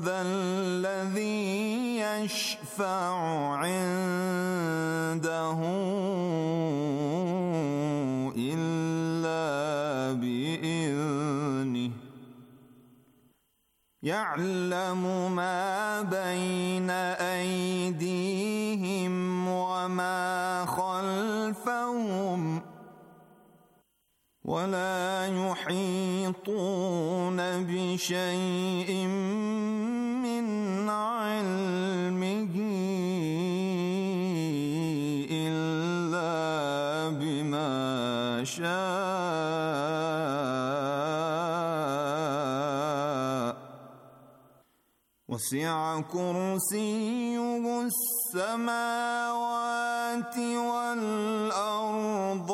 ذا الذي يشفع عنده إلا بإذنه يعلم ما بين أيديهم وما خلفهم ولا يحيطون بشيء يشاء وسع كرسيه السماوات والارض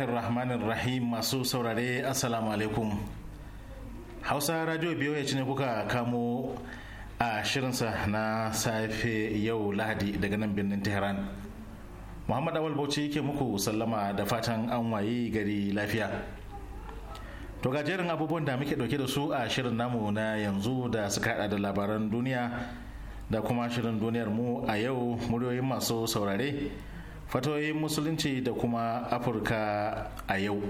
bismillahir rahim masu saurare assalamu alaikum hausa radio biyu ya ne kuka kamo a shirinsa na safe yau lahadi daga nan birnin tehran muhammad awal bauchi yake muku sallama da fatan an wayi gari lafiya to gajerin abubuwan da muke dauke da su a shirin namu na yanzu da suka hada da labaran duniya da kuma shirin duniyar mu a yau muryoyin masu saurare fatoyin musulunci da kuma afirka a yau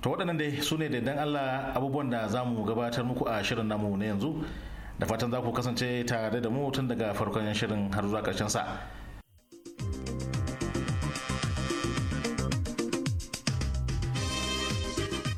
to waɗannan dai su ne dan allah abubuwan da za mu gabatar muku a shirin namu na yanzu da fatan za ku kasance tare da mu tun daga farkon shirin har zuwa ƙarshen sa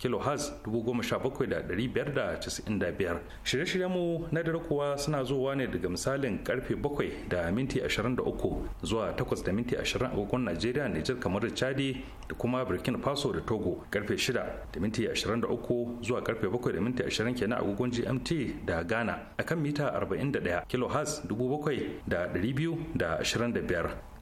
kilohertz 17595 shirye-shiryen mu na dare kuwa suna zuwa ne daga misalin karfe bakwai da minti uku zuwa takwas da minti ashirin agogon najeriya nijar kamar da chadi da kuma burkina faso da togo karfe shida da minti uku zuwa karfe bakwai da minti ashirin kenan agogon gmt da ghana akan mita 41 kilohertz 7225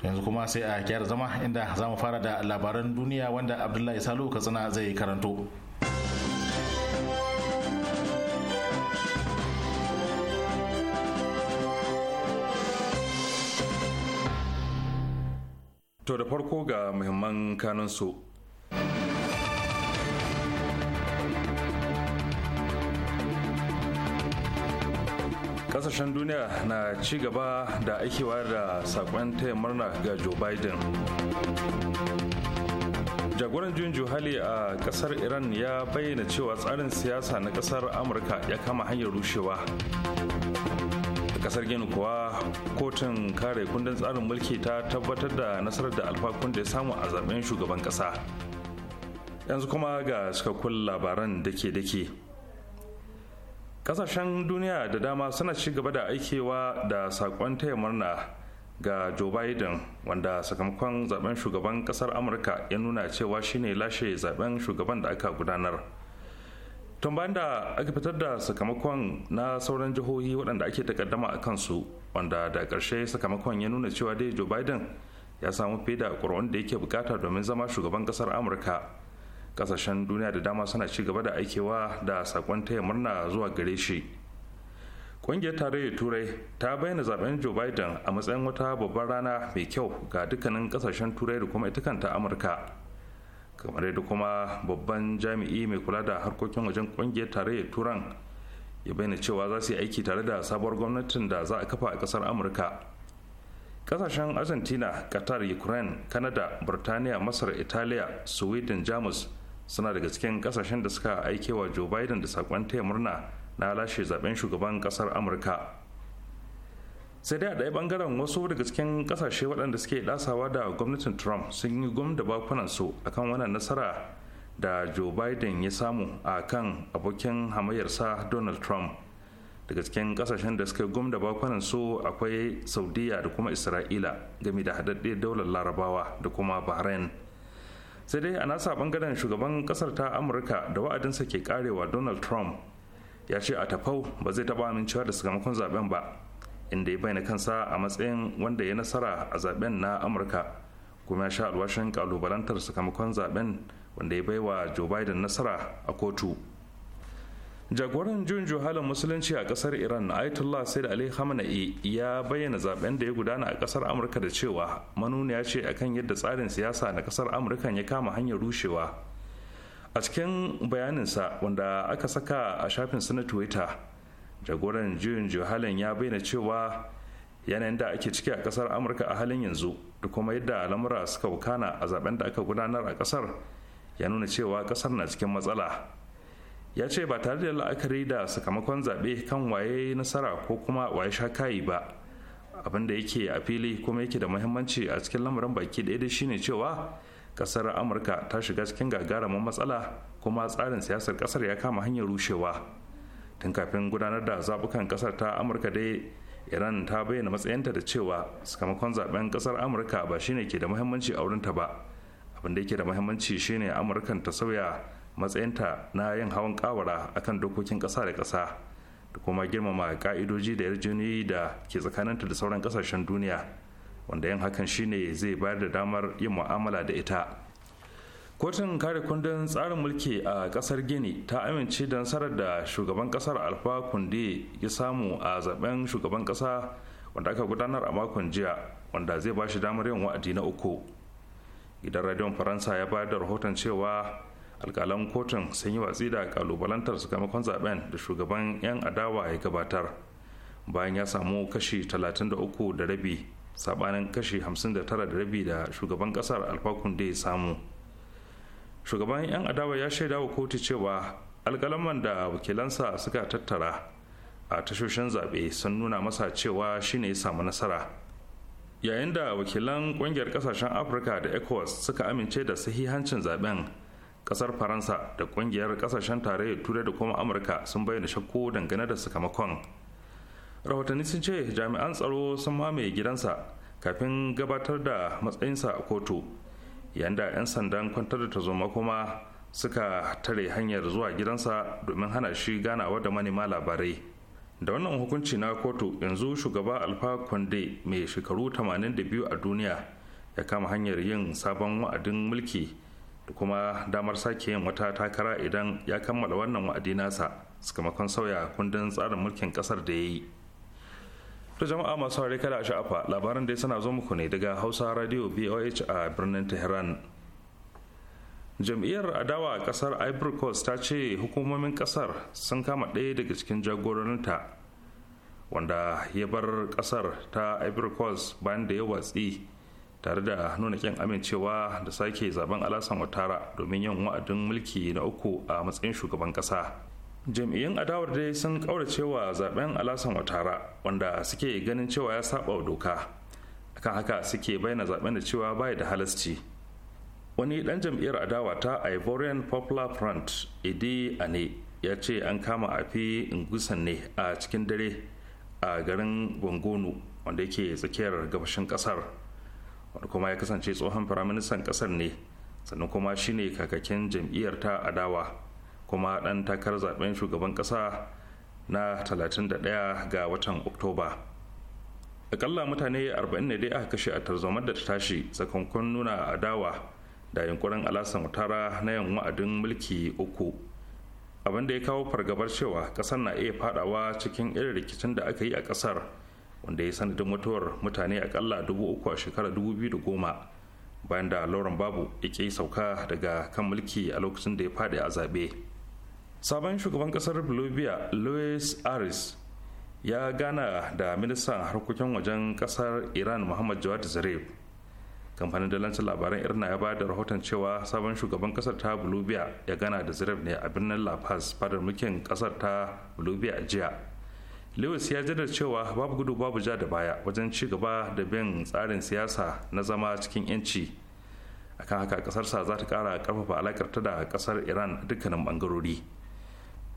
yanzu kuma sai a gyara zama inda za mu fara da labaran duniya wanda abdullahi salu katsina zai karanto to da farko ga muhimman kanunsu kasashen duniya na ci gaba da aikewa da sakon taya murna ga joe biden jagoran juyin juhali a kasar iran ya bayyana cewa tsarin siyasa na kasar amurka ya kama hanyar rushewa kasar gini kuwa kotun kare kundin tsarin mulki ta tabbatar da nasarar da alfakun da ya samu a zaben shugaban kasa yanzu kuma ga cikakkun labaran dake-dake kasashen duniya da dama suna ci gaba da aikewa da saƙon taya murna ga joe biden wanda sakamakon zaben shugaban kasar amurka ya nuna cewa shine lashe zaben shugaban da aka gudanar tun bayan da aka fitar da sakamakon na sauran jihohi waɗanda ake takaddama a kansu wanda da ƙarshe sakamakon ya nuna cewa dai joe biden ya samu fiye da da yake bukata domin zama shugaban ƙasar amurka kasashen duniya da dama suna ci gaba da aikewa da sakon taya murna zuwa gare shi ƙungiyar tarayyar turai ta bayyana zaben joe biden a matsayin wata babbar rana mai kyau ga dukkanin kasashen turai da kuma ita kanta amurka kamar yadda kuma babban jami'i mai kula da harkokin wajen ƙungiyar tarayyar turan ya bayyana cewa za su yi aiki tare da sabuwar gwamnatin da za a kafa a ƙasar amurka kasashen argentina qatar ukraine canada burtaniya masar italiya sweden jamus suna daga cikin kasashen da suka aike wa joe biden da sakon taya murna na lashe zaben shugaban kasar amurka sai dai a ɗaya bangaren wasu daga cikin kasashe waɗanda suke ɗasawa da gwamnatin trump sun yi gwam da bakunansu akan wannan nasara da joe biden ya samu a kan abokin hamayyarsa donald trump daga cikin kasashen da suka gwam da bakunansu akwai saudiya da kuma isra'ila game da haɗaɗɗe daular larabawa da kuma bahrain sai dai a nasa bangaren shugaban kasar ta amurka da wa'adinsa ke karewa donald trump ya ce a tafau ba zai taba amincewa da sakamakon zaben ba inda ya bayyana kansa a matsayin wanda ya nasara a zaben na amurka kuma ya sha alwashin kalubalantar sakamakon zaben wanda ya baiwa joe biden nasara a kotu jagoran juyin juhalin musulunci a kasar iran ayatollah said ali khamenei ya bayyana zaben da ya gudana a kasar amurka da cewa manuniya ce akan yadda tsarin siyasa na kasar amurka ya kama hanyar rushewa a cikin bayaninsa wanda aka saka a su na twitter jagoran juyin juhalin ya bayyana cewa yanayin da ake ciki a kasar amurka a halin yanzu da kuma yadda lamura suka wukana a zaben da aka gudanar a kasar ya nuna cewa kasar na cikin matsala ya ce ba tare da la'akari da sakamakon zaɓe kan waye nasara ko kuma waye sha kayi ba abin da yake a fili kuma yake da muhimmanci a cikin lamarin baki ɗaya shine cewa ƙasar amurka ta shiga cikin gagarumin matsala kuma tsarin siyasar ƙasar ya kama hanyar rushewa tun kafin gudanar da zabukan ƙasar ta amurka dai iran ta bayyana matsayinta da cewa sakamakon zaɓen ƙasar amurka ba shine ke da muhimmanci a wurinta ba abin da yake da muhimmanci shine amurkan ta sauya matsayinta na yin hawan kawara kan dokokin ƙasa da ƙasa da kuma girmama ka'idoji da yarjejeniyoyi da ke tsakaninta da sauran ƙasashen duniya wanda yin hakan shine zai bayar da damar yin mu'amala da ita kotun kare kundin tsarin mulki a kasar gini ta amince da nasarar da shugaban kasar alfa kundi ya samu a zaben shugaban kasa wanda aka gudanar a makon jiya wanda zai ba shi damar yin wa'adi na uku gidan radiyon faransa ya bayar da rahoton cewa alkalan kotun sun yi watsi da kalubalantar sakamakon zaɓen da shugaban 'yan adawa ya gabatar bayan ya samu kashi 33 da rabi sabanin kashi 59 da rabi da shugaban ƙasar alfakun da ya samu shugaban 'yan adawa ya shaida wa kotu cewa man da wakilansa suka tattara a tashoshin zaɓe sun nuna masa cewa shine ya samu nasara yayin da wakilan ƙungiyar ƙasashen afirka da ecowas suka amince da sahihancin zaɓen. kasar faransa da kungiyar kasashen tarayyar turai da kuma amurka sun bayyana shakku dangane da sakamakon rahotanni sun ce jami'an tsaro sun mamaye gidansa kafin gabatar da matsayinsa a kotu yayin da 'yan sandan kwantar da tarzoma kuma suka tare hanyar zuwa gidansa domin hana shi ganawa da manema labarai da wannan hukunci na kotu yanzu shugaba alfa konde mai shekaru 82 a duniya ya kama hanyar yin sabon wa'adin mulki kuma damar sake yin wata takara idan ya kammala wannan wa'adi nasa sakamakon sauya kundin tsarin mulkin kasar da ya yi to jama'a masu haure kada a sha'afa labaran da suna zo muku ne daga hausa radio voh a birnin tehran jam'iyyar adawa a kasar ivory coast ta ce hukumomin kasar sun kama ɗaya daga cikin jagoranta, wanda ya bar kasar ta ivory coast bayan da ya watsi tare da nuna kyan amincewa da sake zaben alasan watara domin yin wa'adin mulki na uku a matsayin shugaban kasa jam'iyyun adawar dai sun kauracewa zaben alasan watara wanda suke ganin cewa ya saba wa doka akan haka suke bayyana zaben da cewa bai da halasci wani dan jam'iyyar adawa ta ivorian popular front idi ane ya ce an kama afi ingusan ne a cikin dare a garin gongonu wanda yake tsakiyar gabashin kasar wanda kuma ya kasance tsohon firaministan kasar ne sannan kuma shine kakakin jam'iyyar ta adawa kuma dan takarar zaben shugaban kasa na 31 ga watan oktoba akalla mutane 40 ne dai aka kashe a tarzomar da ta tashi sakamakon nuna adawa da yunkurin alasa mutara na yan wa'adin mulki uku abin da ya kawo fargabar cewa kasar na iya fadawa cikin irin rikicin da aka yi a kasar wanda ya sanadin mutuwar mutane akalla dubu uku a shekarar dubu biyu da goma bayan da lauren babu yake sauka daga kan mulki a lokacin da ya faɗi a zaɓe sabon shugaban kasar bolivia luis aris ya gana da ministan harkokin wajen ƙasar iran muhammad jawad zarif kamfanin dalancin labaran irna ya ba da rahoton cewa sabon shugaban kasar ta bolivia ya gana da zarif ne a birnin la paz fadar mulkin kasar ta bolivia jiya lewis ya jaddada cewa babu gudu babu ja da baya wajen ci gaba da bin tsarin siyasa na zama cikin yanci akan haka kasarsa za ta kara karfafa alakar ta da kasar iran dukkanin bangarori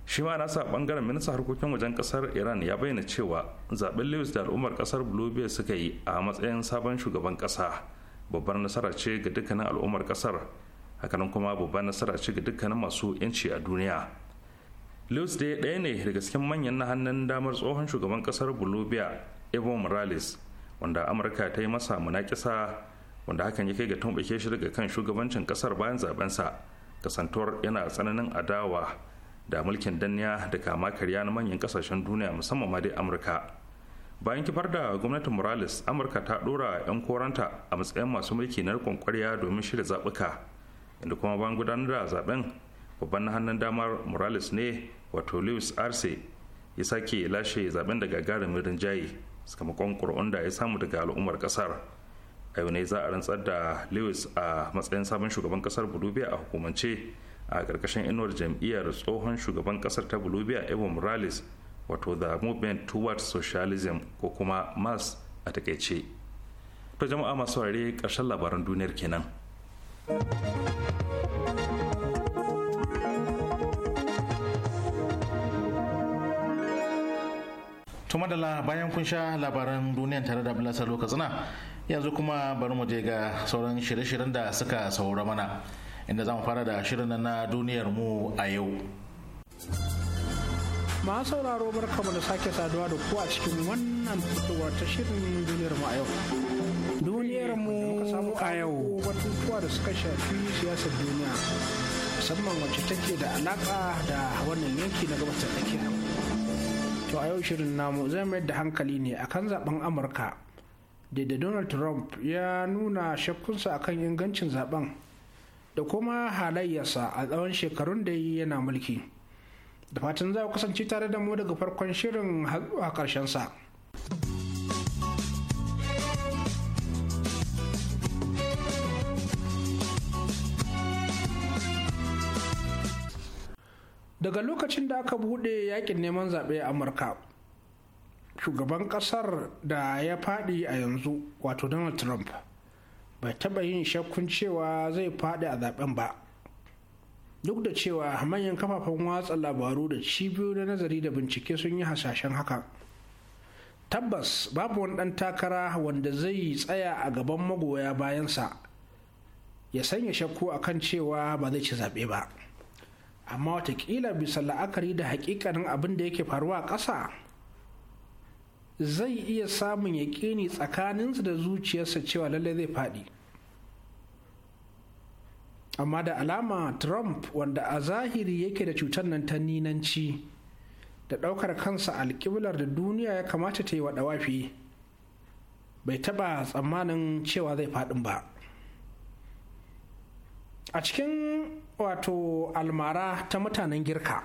shi ma nasa bangaren minista harkokin wajen kasar iran ya bayyana cewa zaben lewis da al'ummar kasar bolivia suka yi a matsayin sabon shugaban kasa babbar nasara ce ga dukkanin al'ummar kasar hakanan kuma babbar nasara ce ga dukkanin masu yanci a duniya Luis dai ɗaya ne daga cikin manyan na hannun damar tsohon shugaban ƙasar Bolivia Evo Morales wanda Amurka ta yi masa munakisa wanda hakan ya kai ga tumɓuke shi daga kan shugabancin ƙasar bayan zabensa kasantuwar yana tsananin adawa da mulkin danniya da kama karya na manyan ƙasashen duniya musamman ma dai Amurka. Bayan kifar da gwamnatin Morales, Amurka ta ɗora 'yan koranta a matsayin masu mulki na riƙon domin shirya zaɓuka, inda kuma bayan gudanar da zaben babban hannun damar morales ne wato lewis arce ya sake lashe zaben da gagarumin rinjaye sakamakon kur'un da ya samu daga al'ummar ƙasar a yau ne za a rantsar da lewis a matsayin sabon shugaban ƙasar bolivia a hukumance a ƙarƙashin inuwar jam'iyyar tsohon shugaban ƙasar ta bolivia evo morales wato the movement towards socialism ko kuma mas a takaice to jama'a masu ware ƙarshen labaran duniyar kenan to madalla bayan kun sha labaran duniyan tare da abdullahi lokacina yanzu kuma bari mu je ga sauran shirye-shiryen da suka saura mana inda zamu fara da shirin na duniyar mu a yau ma sauraro barkamu da sake saduwa da ku a cikin wannan fitowar ta shirin duniyar mu a yau duniyar mu a yau batutuwa da suka shafi siyasar duniya musamman wacce take da alaka da wannan yanki na gabas ta tsakiya to a yau shirin namu zai mayar da hankali ne akan zaben amurka da donald trump ya nuna shakkunsa akan ingancin zaben da kuma halayyarsa a tsawon shekarun da yi yana mulki da fatan za ku kasance tare da mu daga farkon shirin a ƙarshen sa. daga lokacin da aka buɗe yakin neman zaɓe a amurka shugaban ƙasar da ya faɗi a yanzu wato donald trump bai taɓa yin shakkun cewa zai faɗi a zaɓen ba duk da cewa manyan kafafen watsa labaru da cibiyoyi na nazari da bincike sun yi hasashen haka tabbas babu wani ɗan takara wanda zai tsaya a gaban magoya bayansa ya sanya shakku akan cewa ba zai ci zaɓe ba. amma watakila bisa la'akari da hakikanin abin da yake faruwa ƙasa zai iya samun yaƙini tsakaninsa da zuciyarsa cewa lallai zai faɗi amma da alama trump wanda a zahiri yake da cutar nan ta ninanci da ɗaukar kansa alƙiblar da duniya ya kamata ta yi wa ɗawafi bai taɓa tsammanin cewa zai faɗin ba a cikin wato almara ta mutanen girka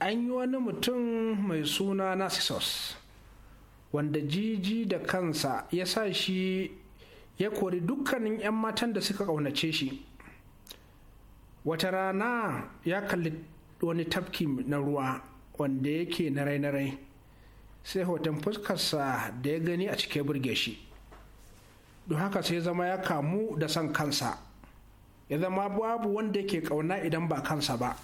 an yi wani mutum mai suna narcissus wanda jiji da kansa ya sa shi ya kori dukkanin 'yan matan da suka ƙaunace shi wata rana ya kalli wani tafki na ruwa wanda yake na rai na rai sai hoton fuskarsa da ya gani a cike burge shi don haka sai zama ya kamu da son kansa ya zama babu wanda yake kauna idan ba kansa ba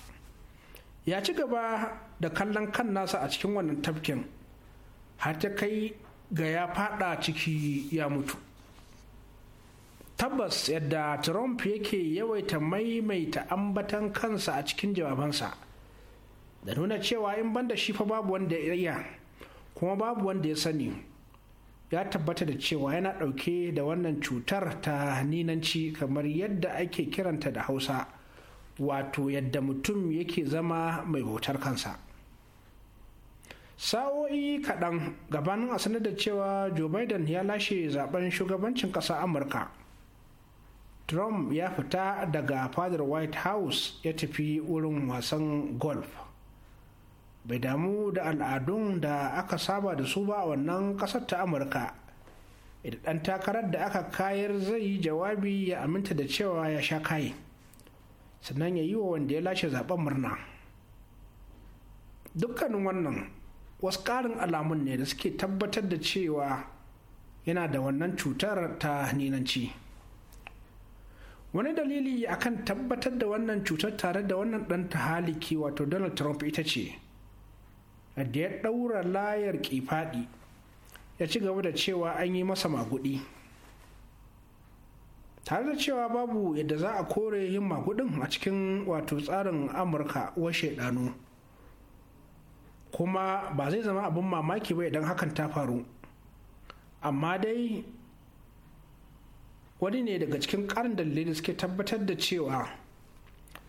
ya ci gaba da kallon kan nasa a cikin wannan tafkin har ta kai ga ya fada ciki ya mutu tabbas yadda trump yake yawaita maimaita ambatan kansa a cikin jawabansa da nuna cewa in banda shi fa babu wanda ya iya kuma babu wanda ya sani ya tabbata da cewa yana ɗauke da wannan cutar ta ninanci kamar yadda ake kiranta da hausa wato yadda mutum yake zama mai bautar kansa sa'o'i kaɗan gabanin a sanar da cewa joe biden ya lashe zaben shugabancin ƙasa amurka trump ya fita daga fadar white house ya tafi wurin wasan golf bai damu da al'adun da aka saba da su ba a wannan ƙasar ta amurka idan ɗan takarar da aka kayar zai yi jawabi ya aminta da cewa ya sha kayi sannan ya yi wa wanda ya lashe zaben murna dukkanin wannan wasu ƙarin alamun ne da suke tabbatar da cewa yana da wannan cutar ta ninanci wani dalili akan tabbatar da wannan cutar tare da wannan ɗan tahaliki wato donald trump ita ce da ya ɗaura layar kifaɗi ya ci gaba da cewa an yi masa maguɗi tare da cewa babu yadda za a kore yin maguɗin a cikin wato tsarin amurka washe ɗanu kuma ba zai zama abin mamaki ba idan hakan ta faru amma dai wani ne daga cikin ƙarin dalilin suke tabbatar da cewa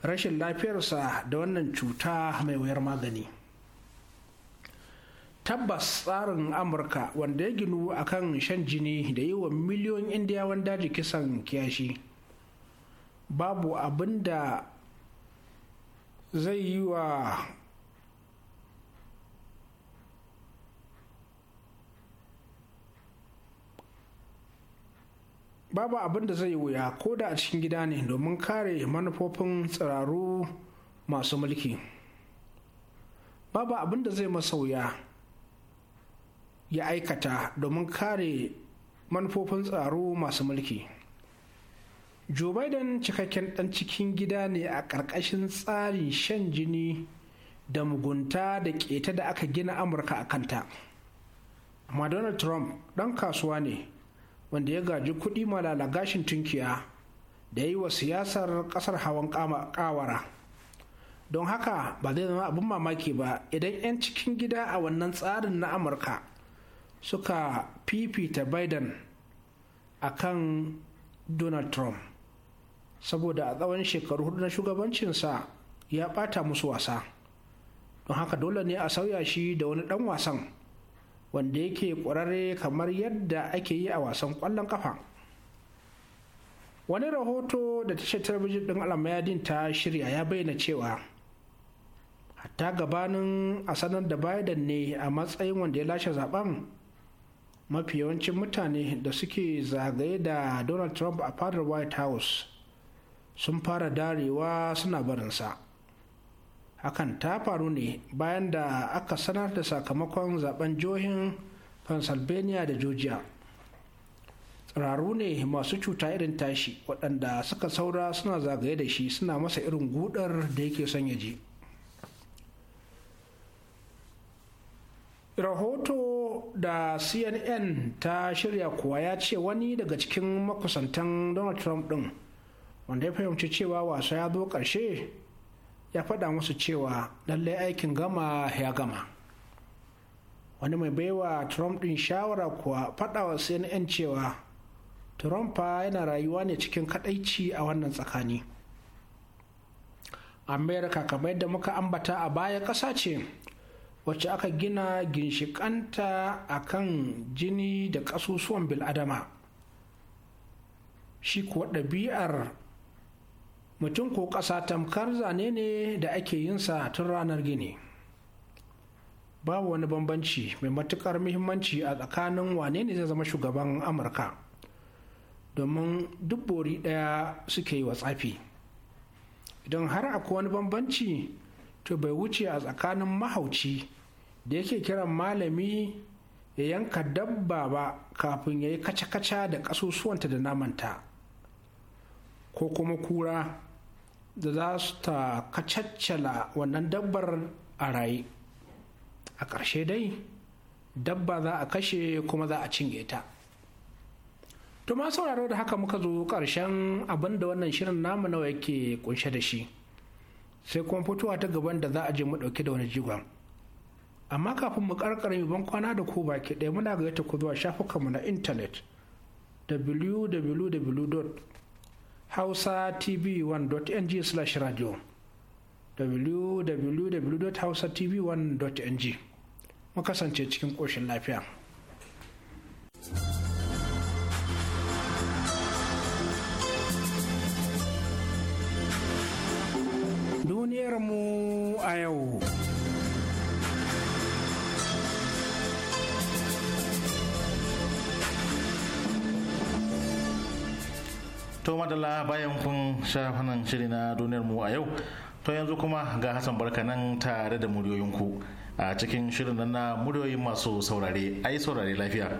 rashin lafiyarsa da wannan cuta mai wuyar magani. tabbas tsarin amurka wanda ya ginu akan shan jini da yi wa miliyoyin indiyawan daji kisan kiyashi babu abin da zai yi wa babu abin da zai wuya ko da a cikin gida ne domin kare manufofin tsiraru masu mulki babu abin da zai masa wuya ya aikata domin kare manufofin tsaro masu mulki joe biden cikakken dan cikin gida ne a ƙarƙashin tsarin shan jini da mugunta da keta da aka gina amurka a kanta amma donald trump ɗan kasuwa ne wanda ya gaji kuɗi malala gashin tunkiya da yi wa siyasar ƙasar hawan ƙawara don haka ba zai zama abin mamaki ba idan 'yan cikin gida a wannan tsarin na amurka suka fifita biden a kan donald trump saboda a tsawon shekaru hudu na shugabancinsa ya bata musu wasa don haka dole ne a sauya shi da wani dan wasan wanda yake ƙwararre kamar yadda ake yi a wasan ƙwallon kafa wani rahoto da tashar talabijin ɗin alamayadin ta shirya ya bayyana cewa hatta gabanin a sanar da biden ne a matsayin wanda ya lashe zaben mafi yawancin mutane da suke zagaye da donald trump a fadar white house sun fara darewa suna barinsa hakan ta faru ne bayan da aka sanar da sakamakon zaben jihohin pennsylvania da georgia tsiraru ne masu cuta irin tashi waɗanda suka saura suna zagaye da shi suna masa irin gudar da yake son ya je. rahoto da cnn ta shirya kuwa ya ce wani daga cikin makusantan donald trump din wanda ya fahimci cewa wasa ya zo ƙarshe ya faɗa musu cewa lallai aikin gama ya gama wani mai baiwa trump din shawara kuwa faɗa wa cnn cewa trump yana rayuwa ne cikin kadaici a wannan tsakani america kamar yadda muka ambata a baya ƙasa ce wacce aka gina ginshikanta a kan jini da ƙasusuwan biladama shi kuwa ɗabi'ar mutum ko ƙasa tamkar zane ne da ake yinsa tun ranar gini babu wani bambanci mai matuƙar muhimmanci a tsakanin wane ne zai zama shugaban amurka domin duk bori ɗaya suke yi wa tsafi idan har akwai wani bambanci to bai wuce a tsakanin mahauci da yake kiran malami ya yanka dabba ba kafin ya yi kaca-kaca da ƙasusuwanta da namanta ko kuma kura da za su ta kacaccala wannan dabbar a raye a ƙarshe dai dabba za a kashe kuma za a cinye ta to ma sauraro da haka muka zo ƙarshen abin da wannan shirin namu nawa yake kunshe da shi sai kuma fitowa ta gaban da za a je mu dauke da wani jigon amma kafin mu karkara mu ban kwana da ku baki ɗaya muna gayyata ku zuwa mu na intanet www.hausatv1.ng/radio www.hausatv1.ng mu kasance cikin koshin lafiya. thank you duniyarmu a yau. To madalla bayan kun sha nan shiri na duniyar mu a yau, to yanzu kuma ga Hassan Barka nan tare da muryoyinku a cikin shirin na muryoyin masu saurare, ai saurare lafiya.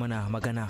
mana magana.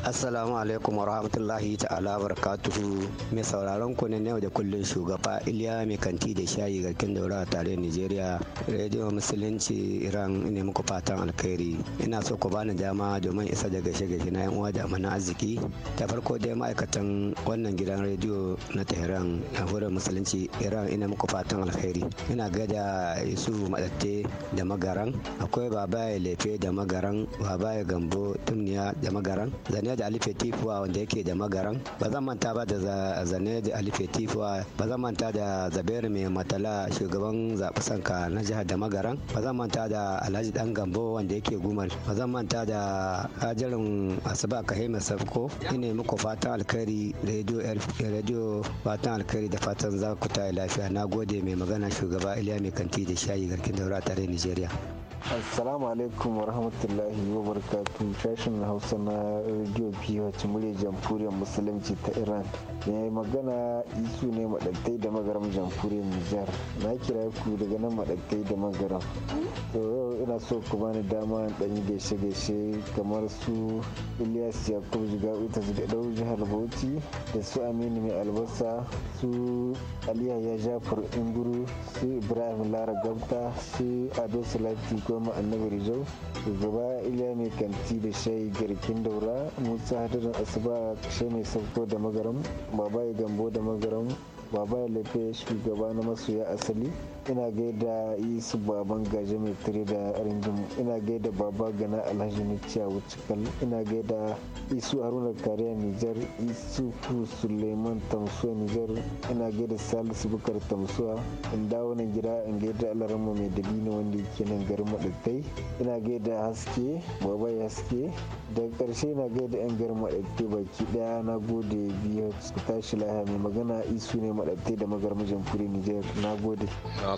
Assalamu alaikum wa rahmatullahi ta'ala barakatuhu mai sauraron ku ne na yau da kullum shugaba Iliya mai kanti da shayi garkin daura a tare Nigeria Radio Musulunci Iran ne muku fatan alkhairi ina so ku bani dama domin isa da gashe gashi na yan uwa da amana arziki ta farko dai ma'aikatan wannan gidan rediyo na Tehran na hura musulunci Iran ina muku fatan alkhairi ina gada Yusuf Madatte da Magaran akwai Babaye Lefe da Magaran Babaye Gambo Tumniya da Magaran zane da Alife fetifuwa wanda yake da magaran ba zan manta ba da da Alife ba zan manta da zaberi mai matala shugaban zaɓi sanka na jihar da magaran ba zan manta da alhaji dan gambo wanda yake gumal ba zan manta da hajarin asuba kahima safko ina muku fatan alkhairi radio fatan alkhairi da fatan za ku ta lafiya na gode mai magana shugaba iliya mai kanti da shayi garkin daura tare nigeria assalamu alaikum wa rahmatullahi wa barakatu sashen hausa na radio ph murya jamhuriyar musulunci ta iran yi magana isu ne madattai da magaram jamhuriyar nijar na kira ku daga nan madattai da magaram to yau ina so ku bani dama ɗan yi gaishe gaishe kamar su ilyas yakub jigawi ta su dau jihar bauchi da su aminu mai albasa su aliyu ya jafar inguru su ibrahim lara gabta su ado salati goma annabi rijau gaba iliya mai kanti da shayi garkin daura musa hadarin asuba kashe mai sauko da magaram baba ya gambo da magaram baba ya lafiya shugaba na masoya asali ina gaida isu baban gaji mai tare da ringin ina gaida baba gana alhaji nuciya wucikal ina gaida isu haruna kariya nijar isu suleiman tamsuwa nijar ina gaida salisu bukar tamsuwa in dawo nan gida in gaida alarma mai dalilin wanda yake nan garin maɗattai ina gaida haske baba ya haske daga ƙarshe ina gaida yan garin maɗattai baki ɗaya na gode biyu su tashi lahiya mai magana isu ne maɗattai da mijin fure nijar na gode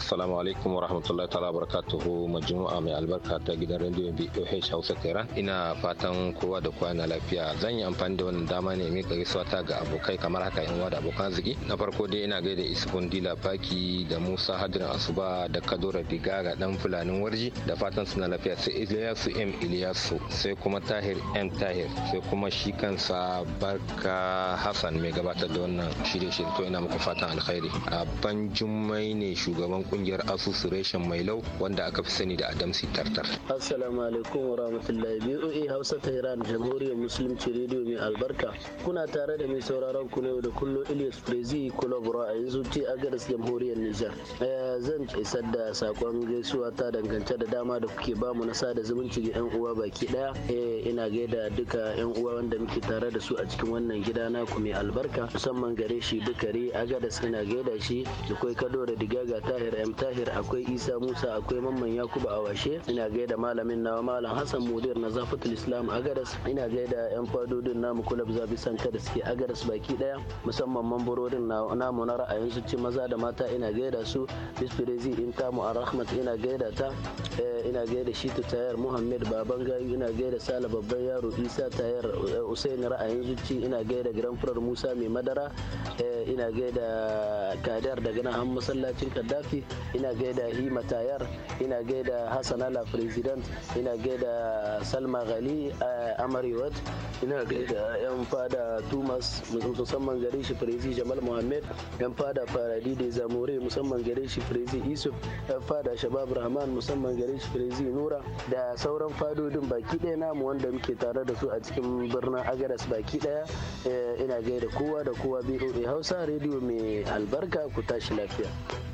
assalamu alaikum wa rahmatullahi ta'ala barakatuhu majmu'a mai albarka ta gidan bi BOH Hausa Tehran ina fatan kowa da kowa na lafiya zan yi amfani da wannan dama ne mai gaisuwa ta ga abokai kamar haka yan da abokan ziki na farko dai ina gaida Isfun Dila Faki da Musa Hadrin Asuba da Kadura Diga ga dan fulanin warji da fatan suna lafiya sai Ilyasu M Ilyasu sai kuma Tahir M Tahir sai kuma shi kansa Barka Hassan mai gabatar da wannan shirye-shirye to ina muku fatan alkhairi a ban jummai ne shugaban shugaban kungiyar asusu reshen mai lau wanda aka fi sani da adamsi tartar assalamu alaikum wa rahmatullahi boa hausa ta iran jamhuriyar musulunci rediyo mai albarka kuna tare da mai sauraron ku yau da kullo ilias prezi kulabura a yanzu ce garis jamhuriyar nijar zan isar da sakon gaisuwa ta dangance da dama da kuke bamu na sada zumunci ga yan uwa baki daya eh, ina gaida duka yan uwa wanda muke tare da su a cikin wannan gida naku mai albarka musamman gare shi a agadas ina gaida shi da kwai kado da digaga tahir tahir tahir akwai isa musa akwai mamman yakubu awashe ina gaida malamin nawa malam hassan mudir na zafatul islam agadas ina gaida yan fadodin namu kulab zabi sanka da suke agadas baki daya musamman mamburorin namu na ra'ayin su ce maza da mata ina gaida su bisfirezi in tamu a rahmat ina gaida ta eh, ina gaida shi ta tayar muhammed baban gayu ina gaida sala babban yaro isa tayar eh, usaini ra'ayin zuci ina gaida giran musa mai madara eh, ina gaida kadar daga nan masallacin kaddafi ina gaida Hima Tayar ina gaida Hassan Ala President ina gaida Salma Ghali eh, Amariwat ina gaida yan fada Tumas musamman gare shi firizi Jamal Muhammad yan fada Faradi da Zamore musamman gare shi firizi Isuf yan fada Shabab Rahman musamman gare shi firizi Nura da sauran fadodin baki ɗaya namu wanda muke tare da su a cikin birnin Agadas baki ɗaya eh, ina gaida kowa da kowa BOA Hausa rediyo mai albarka ku tashi lafiya.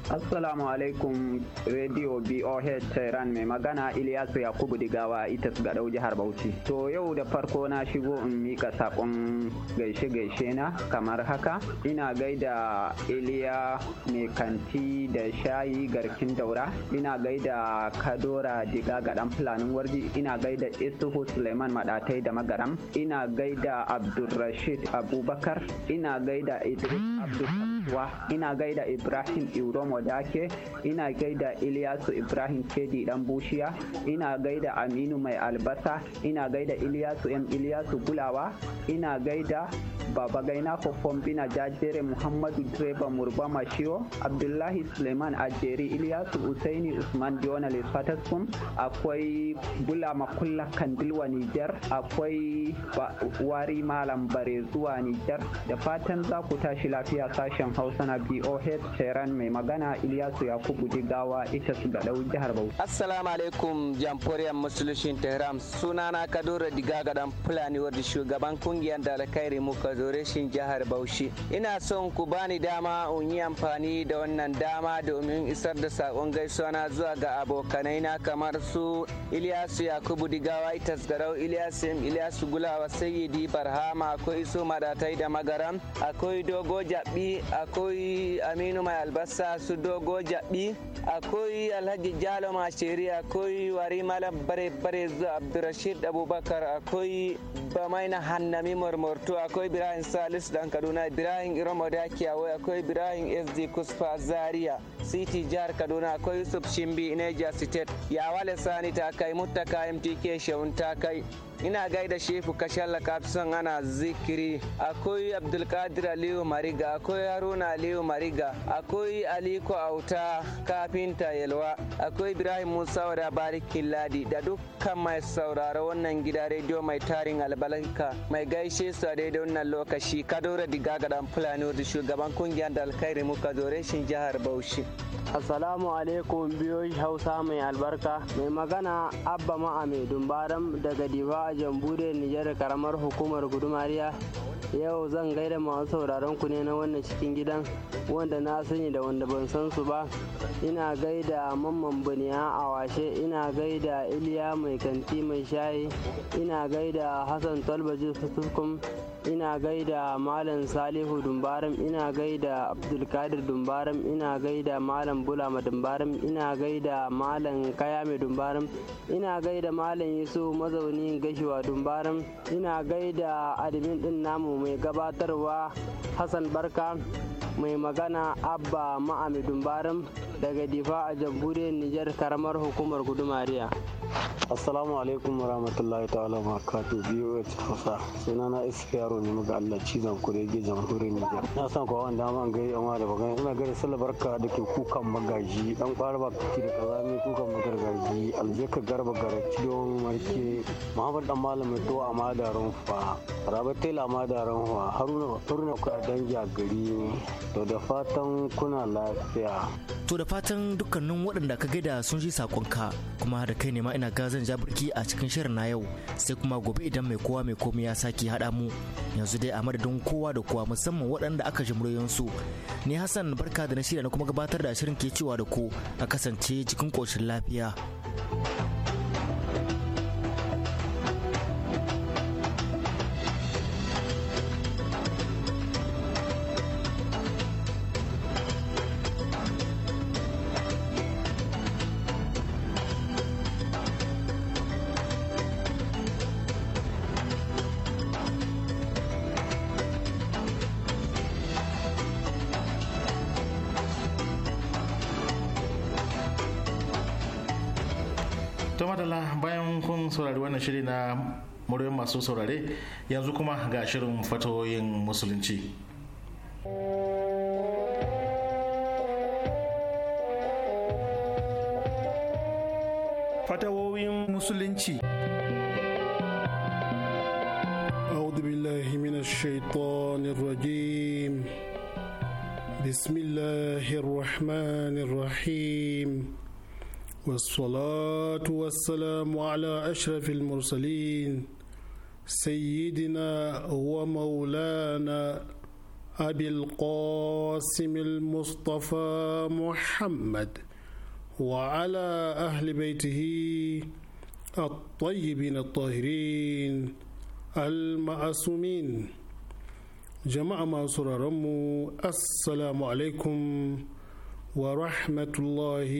Assalamu alaikum Radio BOH Tehran mai magana Ilyasu Yakubu Digawa ita su gaɗau jihar Bauchi. To yau da farko na shigo in mika saƙon gaishe-gaishe na kamar haka ina gaida Iliya mai kanti da shayi garkin daura ina gaida Kadora Diga gadan fulanin warji ina gaida Isuhu Suleiman Madatai da Magaram ina gaida Abdulrashid Abubakar ina gaida Idris Abdul gashuwa ina gaida ibrahim iromo dake ina gaida iliyasu ibrahim kedi dan bushiya ina gaida aminu mai albasa ina gaida iliyasu m iliyasu gulawa ina gaida baba gaina fofon bina jajere muhammadu direba murba mashiyo abdullahi suleiman ajeri iliyasu usaini usman diona lesfataskum akwai bula makulla kandilwa niger akwai wari malam bare zuwa niger da fatan za ku tashi lafiya sashen Hausa na BOH Tehran mai magana Ilyasu Yakubu Digawa ita su ga dau jihar Bauchi. Assalamu alaikum jamhuriyar musulushin Tehran na Kadura Diga dan Fulani wadda shugaban kungiyar dalakai Rimuka Zoreshin jihar Bauchi. Ina son ku bani dama in yi amfani da wannan dama domin isar da sakon gaisuwa na zuwa ga abokanai na kamar su Ilyasu Yakubu Digawa Itas Garau Ilyasu Ilyasu Gulawa Sayyidi Barhama akwai Iso Madatai da Magaram akwai Dogo Jabi a akwai aminu mai albasa su dogo jaɓi akwai alhaji jalo shiri akwai wari malam bare bare zu abdurashid abubakar akwai bamaina hannami marmartu akwai ibrahim salis dan kaduna ibrahim iromo dakiyawo akwai ibrahim sd kusfa zaria city jihar kaduna akwai yusuf shimbi neja state yawale sani ta kai mutta mtk shaun ta kai ina gaida shefu kashalla kapson ana zikiri akwai abdulkadir aliyu mariga akwai haruna aliyu mariga akwai aliko auta kafinta yalwa akwai ibrahim musa wada barikin ladi da dukkan mai sauraro wannan gida rediyo mai tarin albalanka mai gaishe su a daidai wannan lokaci kadora diga gadan fulani da shugaban kungiyar da alkhairi muka zore shin jihar bauchi Assalamu alaikum biyoyi Hausa mai albarka mai magana Abba Ma'ame Dumbaram daga diva. a jamhuriyar Nijar karamar hukumar gudumariya yau zan gaida masu sauraron ku ne na wannan cikin gidan wanda na sani da wanda ban san su ba ina gaida mamman baniya a washe ina gaida iliya mai kanti mai shayi ina gaida hassan talbaji su ina gaida malam salihu dumbaram ina gaida abdulkadir dumbaram ina gaida malam bulama dumbaram ina gaida malam kayame dumbaram ina gaida malam yusuf mazaunin gashiwa dumbaram ina gaida admin din namu mai gabatarwa hassan barka mai magana abba ma'ami dumbaram daga difa a jamhuriyar Nijar karamar hukumar gudumariya. Assalamu alaikum rahmatullahi ta'ala kato biyu Hausa suna na iska yaro ne muka Allah cizon kure kurege jamhuriyar Nijar. Na san kuwa wanda ma an gari amma da bakan ina gari salabarka da ke kukan magaji dan ba kake da mai kukan magargaji ka garba gara don marke Muhammad dan malam to a madarin fa Rabi Tela madarin fa Haruna Turna ku a dangi a gari to da fatan kuna lafiya. To da fatan dukkanin waɗanda ka gaida sun ji sakonka kuma da kai ne ma ina gazan birki a cikin shirin na yau sai kuma gobe idan mai kowa mai komai ya sake haɗa mu yanzu dai a madadin kowa da kowa musamman waɗanda aka ji su ni hassan barka da na shirya na kuma gabatar da shirin ke cewa da ku a kasance cikin koshin lafiya. na muryoyin masu saurare yanzu kuma ga shirin fatoyin musulunci fatawoyin musulunci أعوذ بالله من الشيطان الرجيم بسم الله والصلاة والسلام على أشرف المرسلين سيدنا ومولانا أبي القاسم المصطفى محمد وعلى أهل بيته الطيبين الطاهرين المعصومين جماعة ما رمو السلام عليكم Wa ورحمة الله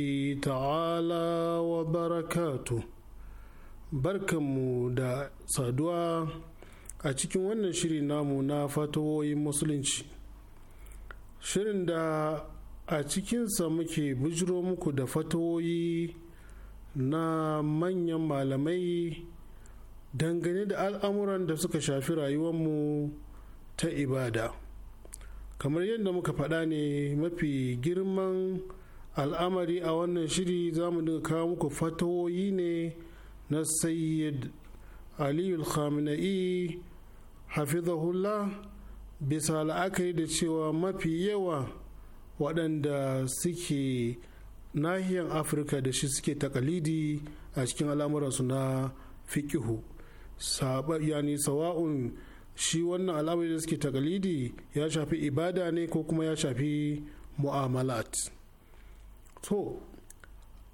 تعالى وبركاته barkanmu da saduwa a cikin wannan shiri namu na fatawoyin musulunci shirin da a cikinsa muke bujiro muku da fatawoyi na manyan malamai dangane da al'amuran da suka shafi rayuwarmu ta ibada kamar yadda muka faɗa ne mafi girman al'amari a wannan shiri za mu dinga kawo muku fatawoyi ne na sayyid aliyu khamenei hafizahullah bisa la'akari da cewa mafi yawa waɗanda suke nahiyar afirka da shi suke takalidi a cikin al'amuransu na fikihu yani sawa'un shi wannan alama da suke takalidi ya shafi ibada ne ko kuma ya shafi mu'amalat so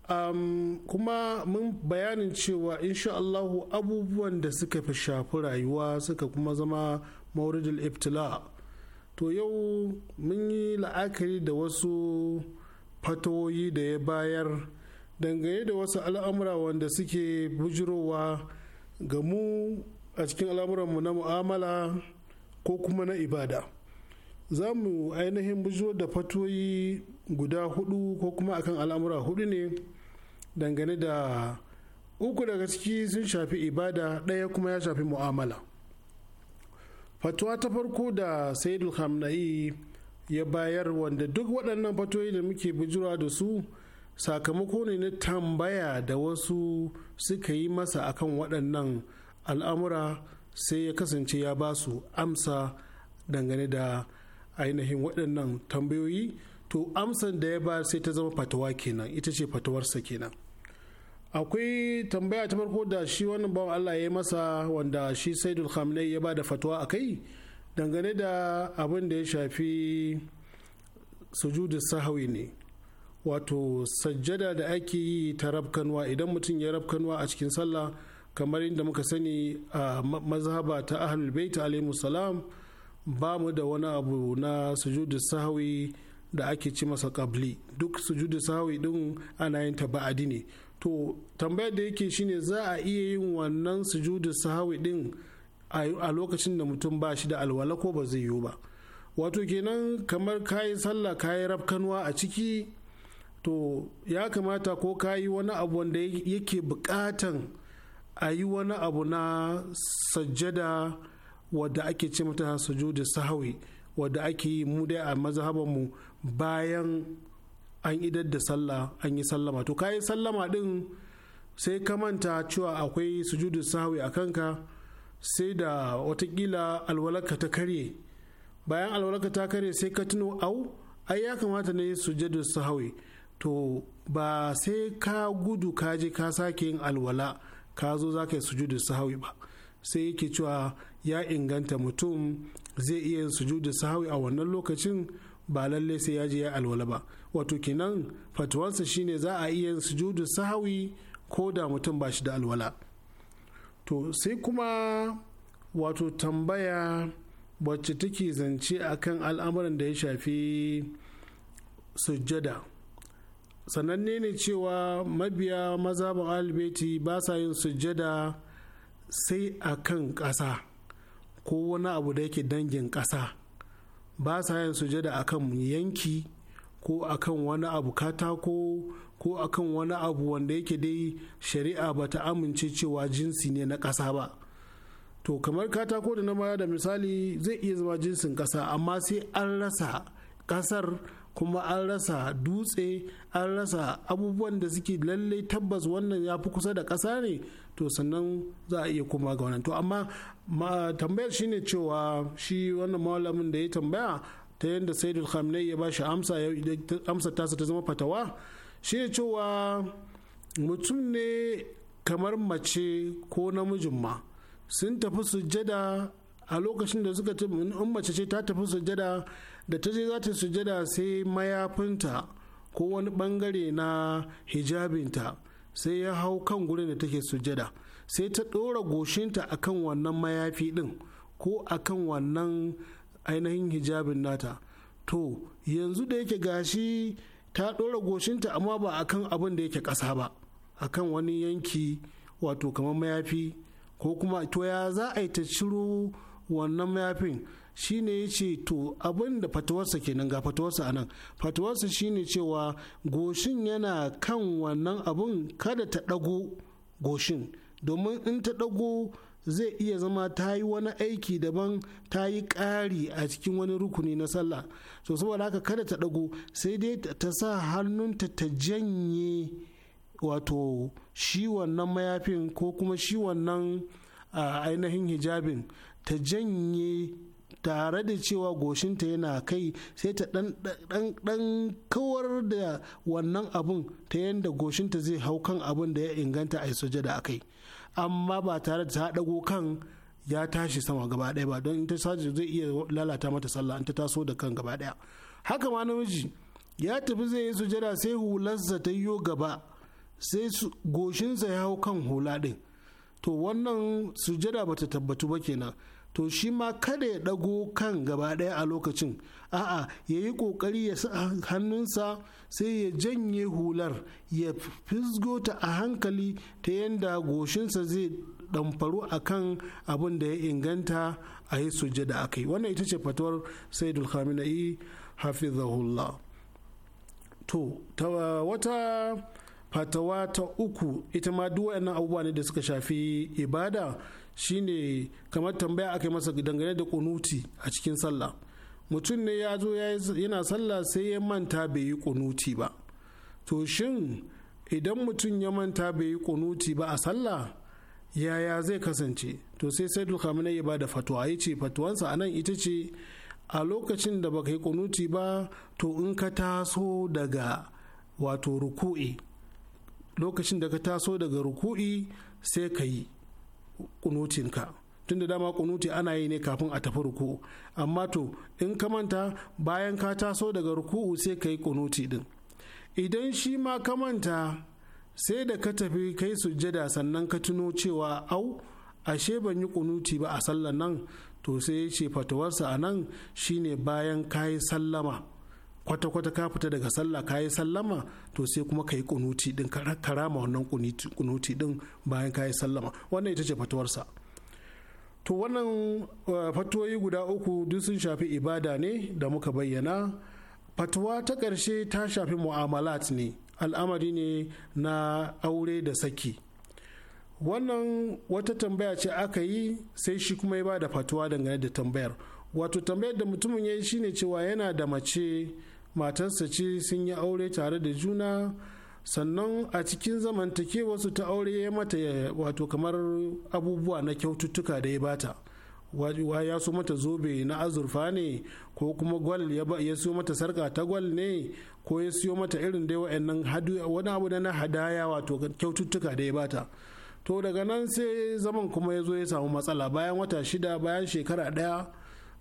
um, kuma mun bayanin cewa insha Allahu abubuwan da suka fi shafi rayuwa suka kuma zama mauridul iftila to yau mun yi la'akari da wasu fatoyi da ya bayar dangane da wasu al'amura wanda suke bujirowa ga mu a cikin al'amuranmu na mu'amala ko kuma na ibada za mu ainihin bujo da fatoyi guda hudu ko kuma akan al'amura hudu ne dangane da uku daga ciki sun shafi ibada ɗaya kuma ya shafi mu'amala fatuwa ta farko da saidul hamna'i ya bayar wanda duk waɗannan fatoyi da muke bujura da su sakamako ne na tambaya da wasu suka yi masa akan waɗannan al'amura sai ya kasance ya ba su amsa dangane da ainihin waɗannan tambayoyi to amsan da ya ba sai ta zama fatawa kenan ita ce fatawarsa kenan akwai tambaya ta farko da shi wannan bawan Allah ya yi masa wanda shi saidul khamenei ya ba da fatawa a kai dangane da abin da ya shafi sujudu sahawi ne wato sajjada da ake yi ta rabkanwa idan mutum ya rabkanwa a cikin sallah kamar inda muka sani a mazhaba ta ahlul bait alayhi salam ba mu da wani abu na sujudu sahwi da ake ci masa ƙabli duk sujudu sahwi din ana yin ta ba'adi ne to tambayar da yake shine za a iya yin wannan sujudu sahwi din a lokacin da mutum ba shi da alwala ko ba zai yiwu ba wato kenan kamar kayi sallah kayi rafkanwa a ciki to ya kamata ko kayi wani abu wanda yake bukatan a yi wani abu na sajjada wadda ake ce mata sujudu sahawi wadda ake yi mu dai a mazhabanmu bayan an idar da sallah an yi sallama to ka yi sallama din sai ka manta cewa akwai sujudin sahawi a kanka sai da watakila alwalaka ta karye bayan alwalarka ta karye sai ka tuno au ai ya kamata ne sujudu sahawi to ba sai ka gudu ka je ka sake yin alwala ka zo za ka yi sujudu sahawi ba sai yake cewa ya inganta mutum zai iya yin sujudu sahawi a wannan lokacin ba lalle sai ya je ya alwala ba wato kenan fatuwansa shine za a iya yin sujudu sahawi ko da mutum ba shi da alwala to sai kuma wato tambaya wacce take zance akan al'amuran da ya shafi sujjada sananne ne cewa mabiya ba albeti ba sa yin sujjada sai a kan ƙasa ko wani abu da yake dangin ƙasa ba sa yin sujjada a kan yanki ko a kan wani abu katako ko a kan wani abu wanda yake dai shari'a ba ta amince cewa jinsi ne na ƙasa ba to kamar katako da na baya da misali zai iya zama jinsin ƙasa amma sai an rasa ƙasar kuma an rasa dutse an rasa abubuwan da suke lallai tabbas wannan ya fi kusa da ƙasa ne to sannan za a iya koma ga wannan to amma tambayar shi ne cewa shi wannan malamin da ya tambaya ta yadda saidul khamenei ya bashi amsa amsa tasa ta zama fatawa Shi ne cewa mutum ne kamar mace ko namijin ma sun tafi sujjada a lokacin da suka in mace ce ta tafi sujjada da ta je za ta sujada sai mayafinta ko wani bangare na hijabinta sai ya hau kan gurin da take sujada sai ta ɗora goshinta akan wannan mayafi ɗin ko kan wannan ainihin hijabin nata to yanzu da yake gashi ta ɗora goshinta amma ba akan abin da yake ƙasa ba akan wani yanki wato kamar mayafi ko kuma to ya za a yi ta ciro wannan mayafin shine ya ce to abin da fatuwarsa kenan ga fatuwarsa a nan fatuwarsa shine cewa goshin yana kan wannan abun kada ta ɗago goshin domin in ta ɗago zai iya zama ta yi wani aiki daban ta yi ƙari a cikin wani rukuni na sallah so saboda haka kada ta ɗago sai dai ta sa hannunta ta janye wato shi wannan mayafin ko kuma shi wannan ainihin hijabin ta janye tare da cewa goshinta yana kai sai ta dan kawar da wannan abun ta yadda goshinta zai hau kan abun da ya inganta a sujada a kai amma ba tare da ta dago kan ya tashi sama gaba daya ba don ta saji zai iya lalata mata sallah ta taso da kan gaba daya haka ma namiji ya tafi zai yi sujada sai hularsa ta yiwo gaba sai goshinsa ya hau kan hula ɗin to wannan sujada ta tabbatu ba kenan to shi ma kada ya ɗago kan gaba ɗaya a lokacin a'a ya yi ƙoƙari ya sa hannunsa sai ya janye hular ya fisgo ta a hankali ta yadda goshinsa zai ɗamfaru a kan abin da ya inganta a yi da aka yi. wannan ita ce fatuwar saidul khamenei hafizahullah to ta wata fatawa ta uku ita ma duwa waɗannan abubuwa ne da suka shafi ibada shine kamar tambaya aka masa dangane da kunuti a cikin sallah mutum ne ya zo yana sallah sai ya manta bai yi kunuti ba to shin idan mutum ya manta bai yi kunuti ba a sallah yaya zai kasance to sai sai dukamina ya ba da fatuwa ya ce fatuwansa anan ita ce a lokacin da baka yi kunuti ba to in ka taso daga wato ruku'i lokacin da ka taso daga ruku'i sai ka yi kunutinka tun da dama kunuti ana yi ne kafin a tafi ruku'u amma to in ka manta bayan ka taso daga ruku'u sai ka yi kunuti din idan shi ma ka manta sai da ka tafi kai sujjada sannan ka tuno cewa au ashe ban yi kunuti ba a sallan nan to sai ya ce fatawarsa a nan shine bayan ka yi sallama kwata-kwata ka fita daga sallah ka yi sallama to sai kuma ka yi kunuti din ka rama wannan kunuti din bayan ka yi sallama wannan ita ce fatuwarsa to wannan eh, fatuwoyi guda uku duk sun shafi ibada ne da muka bayyana fatuwa ta ƙarshe ta shafi mu'amalat ne al'amari ne na aure da saki wannan wata tambaya ce aka yi sai shi kuma ya ba da fatuwa dangane da tambayar wato tambayar da mutumin ya yi shine cewa yana da mace matarsa ce sun yi aure tare da juna sannan a cikin wasu ta aure ya mata wato kamar abubuwa na kyaututtuka da ya bata wa ya so mata zobe na azurfa ne ko kuma gwal ya siyo mata sarka ta gwal ne ko ya siyo mata irin dai wa'annan wani abu na hadaya wato kyaututtuka da ya bata to daga nan sai zaman kuma ya zo ya samu matsala bayan wata shida bayan shekara daya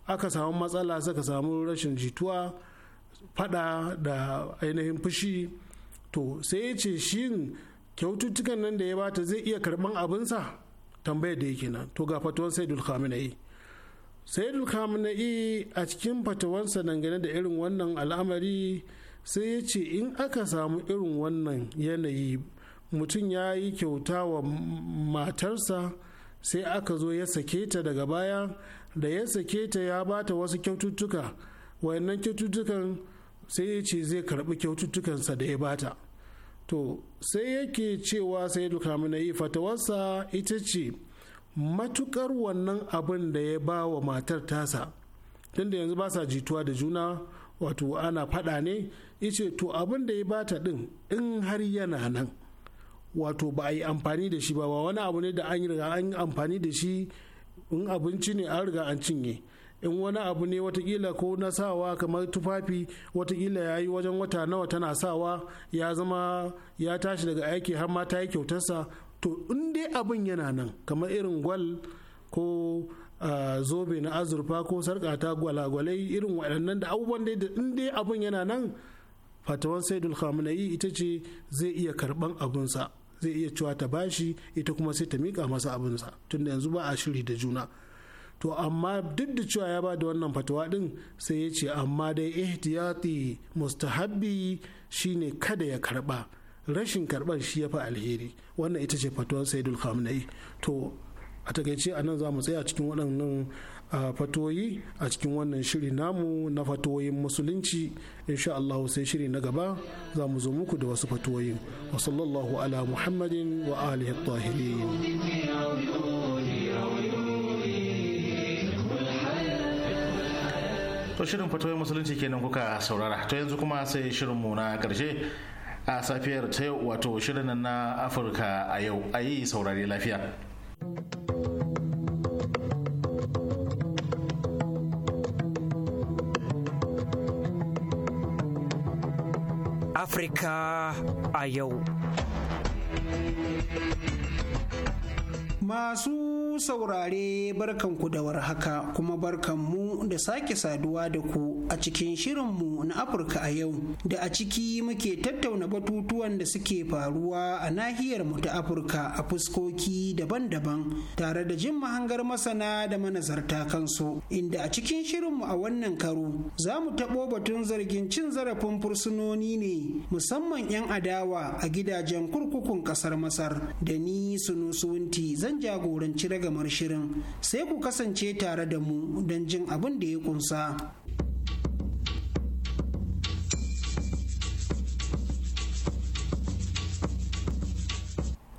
aka samu matsala suka samu rashin jituwa fada da ainihin fushi to sai ya ce shin kyaututtukan nan da ya bata zai iya karban abinsa tambayar da yake nan to ga fatuwar saidul khamenei saidul khamenei a cikin fatuwarsa dangane da irin wannan al'amari sai ya ce in aka samu irin wannan yanayi mutum ya yi kyauta wa matarsa sai aka zo ya sake ta daga baya da ya sake ta ya bata wasu kyaututtuka wayannan kyaututtukan sai ya ce zai karbi kyaututtukansa da ya bata to sai yake cewa sai na yi fatawarsa ita ce matukar wannan abin da ya ba wa matar tasa tun da yanzu ba sa jituwa da juna wato ana fada ne ce to abin da ya bata din in har yana nan wato ba a yi amfani da shi ba wani abu ne da an yi amfani da shi in abinci ne an riga an cinye in wani abu ne watakila ko na sawa kamar tufafi watakila ya yi wajen wata nawa tana sawa ya zama ya tashi daga aiki har ma ta yi kyautarsa to in dai abin yana nan kamar irin gwal ko zobe na azurfa ko sarkata gwalagwalai irin waɗannan da abubuwan dai da in dai abin yana nan fatawan saidul khamenei ita ce zai iya karban abinsa zai iya cewa ta bashi ita kuma sai ta miƙa masa abinsa tunda yanzu ba a shiri da juna to amma duk da cewa ya ba da wannan fatawa din sai ya ce amma dai ihtiyati mustahabbi shine kada ya karba rashin karɓar shi ya fi alheri wannan ita ce fatuwar saidul khamenei to a takaice a nan za mu tsaya cikin waɗannan fatoyi a cikin wannan shiri namu na fatoyin musulunci insha Allah sai shiri na gaba za mu zo muku da wasu fatoyin wa sallallahu ala muhammadin wa alihi tahirin to shirin fatoyin musulunci kenan kuka saurara to yanzu kuma sai mu na karshe a safiyar ta yau wato shirin na afirka a yau a yi saurari lafiya Afirka a yau. Masu saurare barkanku da warhaka kuma barkanmu da sake saduwa da ku a cikin shirinmu na Afirka a yau da a ciki muke tattauna batutuwan da suke faruwa a nahiyar mu ta Afirka a fuskoki daban-daban tare da jin mahangar masana da manazarta kansu inda a cikin shirinmu a wannan karo za mu taɓo batun zargin cin zarafin fursunoni ne musamman 'yan adawa a gidajen kurkukun ƙasar Masar da ni sunusunti zan jagoranci ragamar shirin sai ku kasance tare da mu don jin abin da ya kunsa.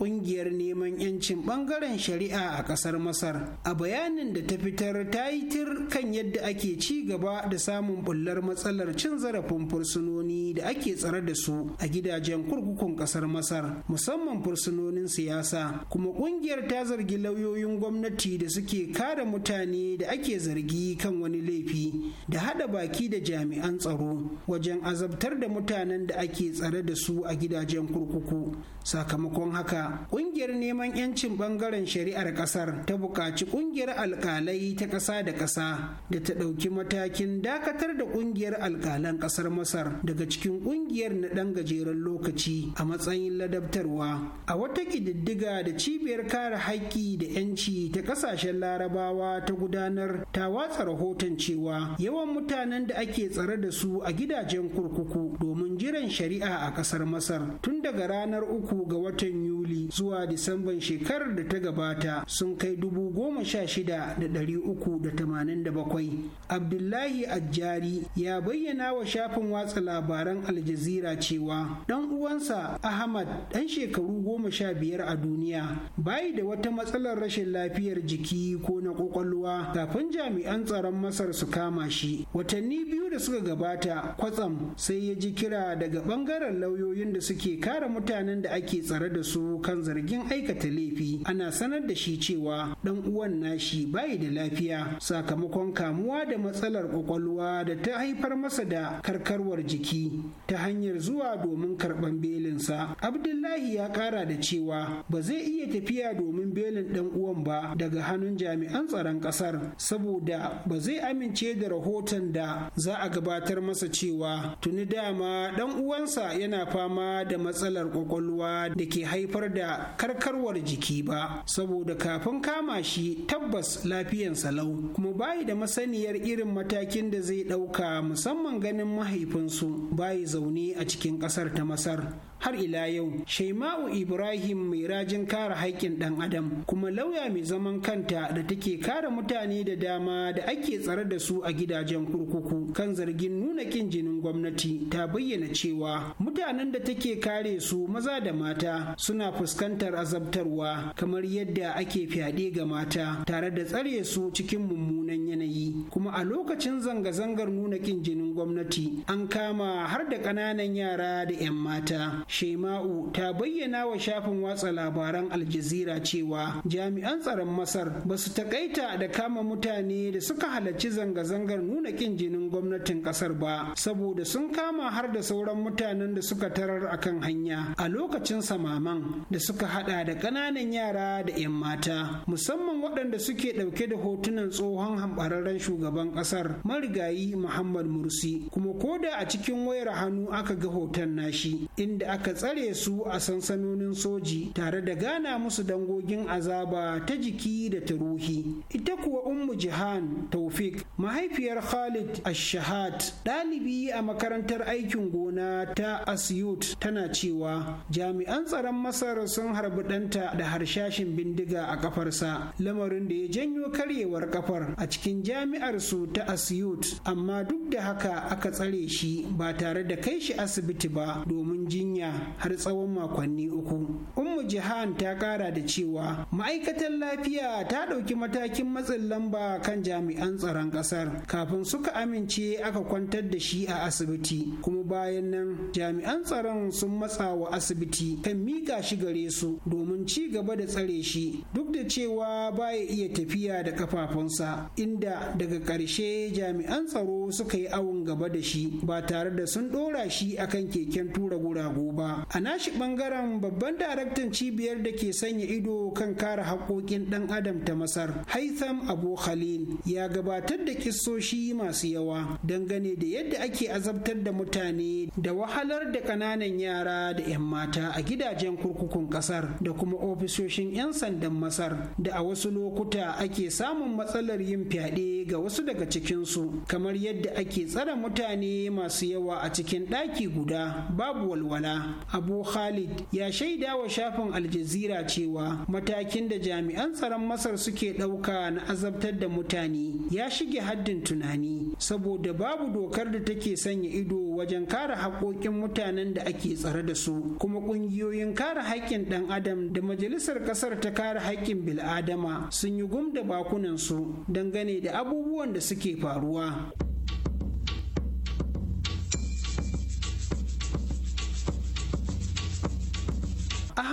kungiyar neman 'yancin bangaren shari'a a kasar masar a bayanin da ta fitar ta yi tir kan yadda ake ci gaba da samun bullar matsalar cin zarafin fursunoni da ake tsare da su a gidajen kurkukun kasar masar musamman fursunonin siyasa kuma kungiyar ta zargi lauyoyin gwamnati da suke kare mutane da ake zargi kan wani laifi da hada baki da jami'an tsaro wajen azabtar da mutanen da ake tsare da su a gidajen kurkuku sakamakon haka kungiyar ƙungiyar neman 'yancin ɓangaren shari'ar ƙasar ta buƙaci ƙungiyar alƙalai ta ƙasa da ƙasa da ta ɗauki matakin dakatar da ƙungiyar alƙalan ƙasar masar daga cikin ƙungiyar na ɗan gajeren lokaci a matsayin ladabtarwa a wata ƙididdiga da cibiyar kare haƙƙi da 'yanci ta ƙasashen larabawa ta gudanar ta watsa rahoton cewa yawan mutanen da ake tsare da su a gidajen kurkuku domin jiran shari'a a ƙasar masar tun daga ranar uku ga watan yuli zuwa disamban shekarar da ta gabata sun kai dubu goma sha shida da ɗari uku da tamanin da bakwai abdullahi ajjari ya bayyana wa shafin watsa labaran aljazira cewa ɗan uwansa ahmad ɗan shekaru goma sha biyar a duniya bayi da wata matsalar rashin lafiyar jiki ko na ƙwaƙwalwa. kafin jami'an tsaron masar su kama shi watanni biyu da suka gabata kwatsam sai ya ji kira daga ɓangaren lauyoyin da suke kare mutanen da ake tsare da su kan zargin aikata laifi ana sanar da shi cewa dan uwan nashi bayi da lafiya sakamakon kamuwa da matsalar kwakwalwa da ta haifar masa da karkarwar jiki ta hanyar zuwa domin karban belinsa abdullahi ya kara da cewa ba zai iya tafiya domin belin dan uwan ba daga hannun jami'an tsaron kasar saboda ba zai amince da rahoton da za a gabatar masa cewa tuni dama dan uwansa yana fama da matsalar kwakwalwa da ke haifar da da karkarwar jiki ba saboda kafin kama shi tabbas lafiyan salau, kuma bayi da masaniyar irin matakin da zai ɗauka musamman ganin mahaifinsu bayi zaune a cikin ƙasar ta masar har ila yau shaima'u ibrahim mai rajin kare haƙƙin ɗan adam kuma lauya mai zaman kanta da take kare mutane da dama da ake tsare da su a gidajen kurkuku kan zargin nuna ƙin jinin gwamnati ta bayyana cewa mutanen da take kare su maza da mata suna fuskantar azabtarwa kamar yadda ake fyaɗe ga mata tare da tsare su cikin mummunan yanayi kuma a lokacin zanga-zangar nuna ƙin jinin gwamnati an kama har da ƙananan yara da 'yan mata shema'u ta bayyana wa shafin watsa labaran aljazira cewa jami'an tsaron masar ba su takaita da kama mutane da suka halarci zanga-zangar nuna kin jinin gwamnatin kasar ba saboda sun kama har da sauran mutanen da suka tarar a kan hanya a lokacin samaman da suka hada da ƙananan yara da 'yan mata musamman waɗanda suke ɗauke da hotunan tsohon hambararren shugaban ƙasar marigayi muhammad mursi kuma ko da a cikin wayar hannu aka ga hoton nashi inda aka tsare su a sansanonin soji tare da gana musu dangogin azaba ta jiki da ta ruhi ita kuwa ummu jihan taufik mahaifiyar khalid ashahad ɗalibi a makarantar aikin gona ta asyut tana cewa jami'an tsaron masar sun harbi ɗanta da harshashin bindiga a kafarsa lamarin da ya janyo karyewar kafar a cikin jami'ar su ta asyut amma duk da haka aka tsare shi ba tare da kai shi asibiti ba domin jinya duniya har tsawon makonni uku ummu jihan ta kara da cewa Ma'aikatan lafiya ta ɗauki matakin matsin lamba kan jami'an tsaron ƙasar kafin suka amince aka kwantar da shi a asibiti kuma bayan nan jami'an tsaron sun matsa wa asibiti kan mika shi gare su domin ci gaba da tsare shi duk da cewa baya iya tafiya da kafafunsa inda daga ƙarshe jami'an tsaro suka yi awon gaba da shi ba tare da sun ɗora shi akan keken tura guragu ba a nashi bangaren babban daraktan cibiyar da ke sanya ido kan kare haƙoƙin ɗan adam ta masar haitham abu khalil ya gabatar da kissoshi masu yawa dangane da yadda ake azabtar da mutane da wahalar da ƙananan yara da 'yan mata a gidajen kurkukun ƙasar da kuma ofisoshin 'yan sandan masar da a wasu lokuta ake samun matsalar yin fyaɗe ga wasu daga cikinsu kamar yadda ake tsara mutane masu yawa a cikin ɗaki guda babu walwala abu khalid ya shaida wa shafin aljazira cewa matakin da jami'an tsaron masar suke ɗauka na azabtar da mutane ya shige haddin tunani saboda babu dokar da take sanya ido wajen kare haƙoƙin mutanen da ake tsare da su kuma ƙungiyoyin kare haƙƙin ɗan adam da majalisar ƙasar ta kare haƙƙin bil'adama sun yi gum da bakunan su dangane da abubuwan da suke faruwa.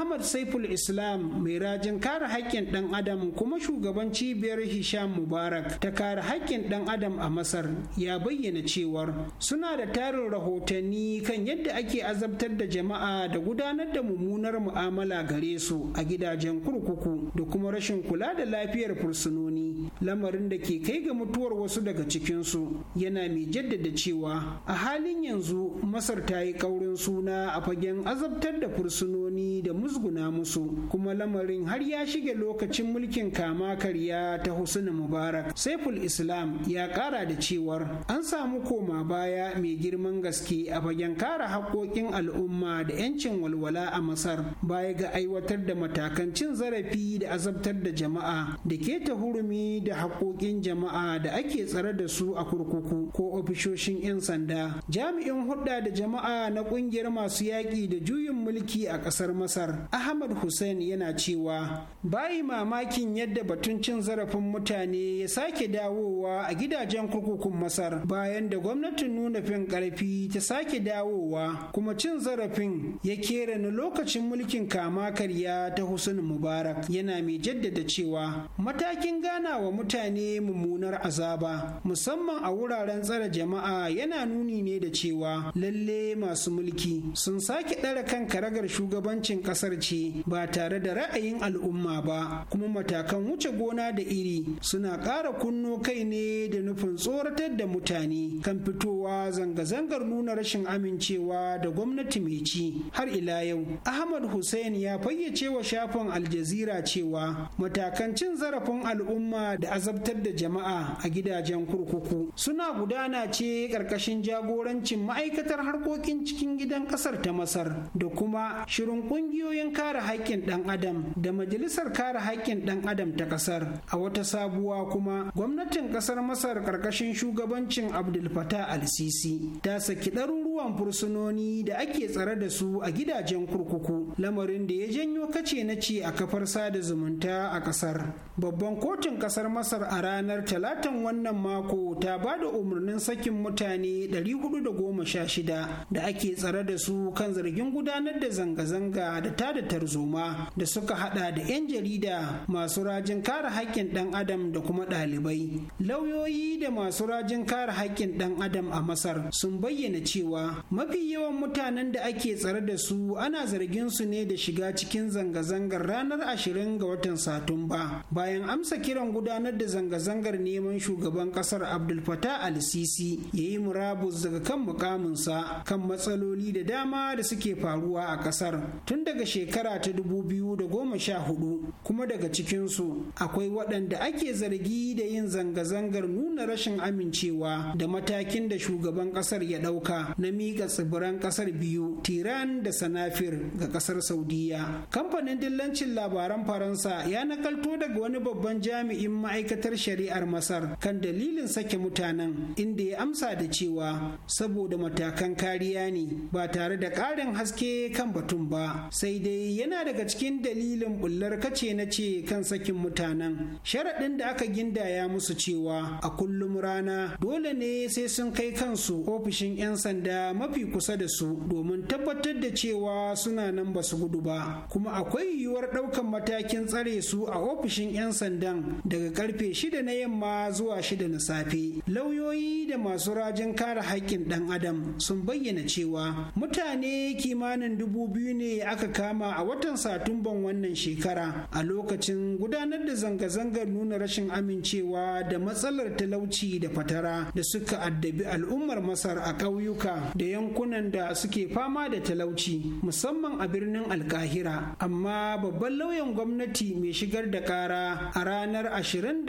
ahmad saiful islam mai rajin kare haƙƙin ɗan adam kuma shugaban cibiyar hisham mubarak ta kare haƙƙin ɗan adam a masar ya bayyana cewar suna da tarin rahotanni kan yadda ake azabtar da jama'a da gudanar da mummunar mu'amala gare su a gidajen kurkuku da kuma rashin kula da lafiyar fursunoni lamarin da ke kai ga mutuwar wasu daga cikinsu yana mai jaddada cewa a halin yanzu masar ta yi kaurin suna a fagen azabtar da fursunoni da musguna musu kuma lamarin har ya shige lokacin mulkin kama karya ta husuna Mubarak. Saiful Islam ya kara da cewar an samu koma baya mai girman gaske a fagen kare haƙoƙin al'umma da 'yancin walwala a Masar baya ga aiwatar da matakan cin zarafi da azabtar da jama'a da keta hurumi da haƙoƙin jama'a da ake tsare da su a kurkuku ko ofishoshin 'yan sanda. Jami'in hudda da jama'a na ƙungiyar masu yaƙi da juyin mulki a ƙasar Masar ahmad hussein yana cewa bayi mamakin yadda batun cin zarafin mutane ya sake dawowa a gidajen kurkukun masar bayan da gwamnatin nuna fin karfi ta sake dawowa kuma cin zarafin ya kera na lokacin mulkin kama karya ta hussein mubarak yana mai jaddada cewa matakin gana wa mutane mummunar azaba musamman a wuraren tsare jama'a yana nuni ne da cewa lalle masu mulki sun sake ɗara kan karagar shugabancin ƙasa kasar ce ba tare da ra'ayin al'umma ba kuma matakan wuce gona da iri suna ƙara kunno kai ne da nufin tsoratar da mutane kan fitowa zanga-zangar nuna rashin amincewa da gwamnati mai ci har ila yau ahmad hussein ya fayyace wa shafin aljazira cewa matakan cin zarafin al'umma da azabtar da jama'a a gidajen kurkuku suna gudana ce ƙarƙashin jagorancin ma'aikatar harkokin cikin gidan ƙasar ta masar da kuma shirin ƙungiyoyi ƙungiyoyin kare haƙƙin ɗan adam da majalisar kare haƙƙin ɗan adam ta ƙasar a wata sabuwa kuma gwamnatin ƙasar masar ƙarƙashin shugabancin abdul fatah al-sisi ta saki ɗaruruwan fursunoni da ake tsare da su a gidajen kurkuku lamarin da ya janyo kace na ce a kafar sada zumunta a ƙasar babban kotun ƙasar masar a ranar talatan wannan mako ta ba da umarnin sakin mutane ɗari 416 da ake tsare da su kan zargin gudanar da zanga-zanga da hatta da tarzoma da suka hada da 'yan jarida masu rajin kare haƙƙin ɗan adam da kuma ɗalibai lauyoyi da masu rajin kare haƙƙin ɗan adam a masar sun bayyana cewa mafi yawan mutanen da ake tsare da su ana zargin su ne da shiga cikin zanga-zangar ranar ashirin ga watan satumba bayan amsa kiran gudanar da zanga-zangar neman shugaban kasar abdul fatah al-sisi ya yi murabus daga kan mukaminsa kan matsaloli da dama da suke faruwa a kasar tun daga shekara ta 2014 kuma daga cikinsu akwai waɗanda ake zargi da yin zanga-zangar nuna rashin amincewa da matakin da shugaban ƙasar ya ɗauka na miƙa tsibiran ƙasar biyu tiran da sanafir ga ƙasar saudiya kamfanin dillancin labaran faransa ya nakalto daga wani babban jami'in ma'aikatar shari'ar masar kan dalilin sake mutanen inda ya amsa da cewa saboda matakan kariya ne ba tare da ƙarin haske kan batun ba sai daidai yana daga cikin dalilin bullar kace na ce kan sakin mutanen sharaɗin da aka gindaya musu cewa a kullum rana dole ne sai sun kai kansu ofishin 'yan sanda mafi kusa da su domin tabbatar da cewa suna nan ba su gudu ba kuma akwai yiwuwar ɗaukan matakin tsare su a ofishin 'yan sandan daga karfe shida na yamma zuwa shida na safe lauyoyi da masu rajin kare haƙƙin ɗan adam sun bayyana cewa mutane kimanin dubu biyu ne aka alama a watan Satumban wannan shekara a lokacin gudanar da zanga-zangar nuna rashin amincewa da matsalar talauci da fatara da suka addabi al'ummar Masar a ƙauyuka da yankunan da suke fama da talauci musamman a birnin Alkahira. Amma babban lauyan gwamnati mai shigar da ƙara a ranar 27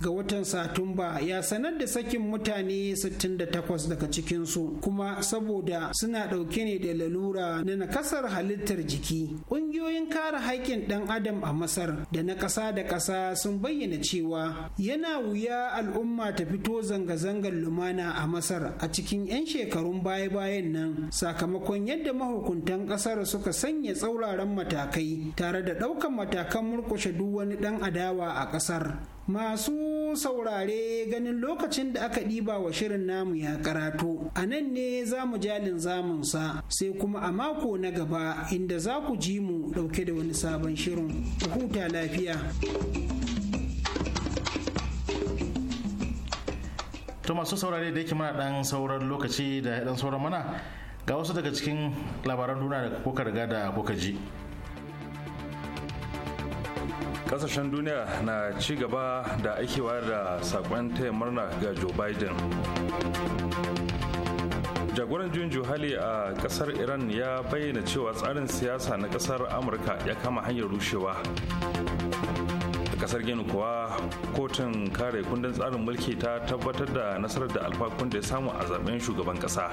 ga watan Satumba ya sanar da sakin mutane 68 daga cikinsu kuma saboda suna ɗauke ne da lalura na nakasar halittar jiki ƙungiyoyin kare haƙƙin ɗan adam a masar da na ƙasa da ƙasa sun bayyana cewa yana wuya al'umma ta fito zanga-zangar lumana a masar a cikin 'yan shekarun baya-bayan nan sakamakon yadda mahukuntan ƙasar suka sanya tsauraran matakai tare da ɗaukan matakan murƙushe duk wani ɗan adawa a ƙasar Masu saurare ganin lokacin da aka ɗiba wa shirin namu ya karatu a nan ne za mu jalin zamunsa sai kuma a mako na gaba inda za ku ji mu ɗauke da wani sabon shirin. huta lafiya. To masu saurare da yake mana ɗan sauran lokaci da ɗan sauran mana ga wasu daga cikin labaran duniya da kuka riga da kuka ji. kasashen duniya na ci gaba da aikewa da sakon taya murna ga joe biden jagoran juyin juhali a kasar iran ya bayyana cewa tsarin siyasa na kasar amurka ya kama hanyar rushewa a kasar gini kuwa kotun kare kundin tsarin mulki ta tabbatar da nasarar da alfakun da ya samu a zaben shugaban kasa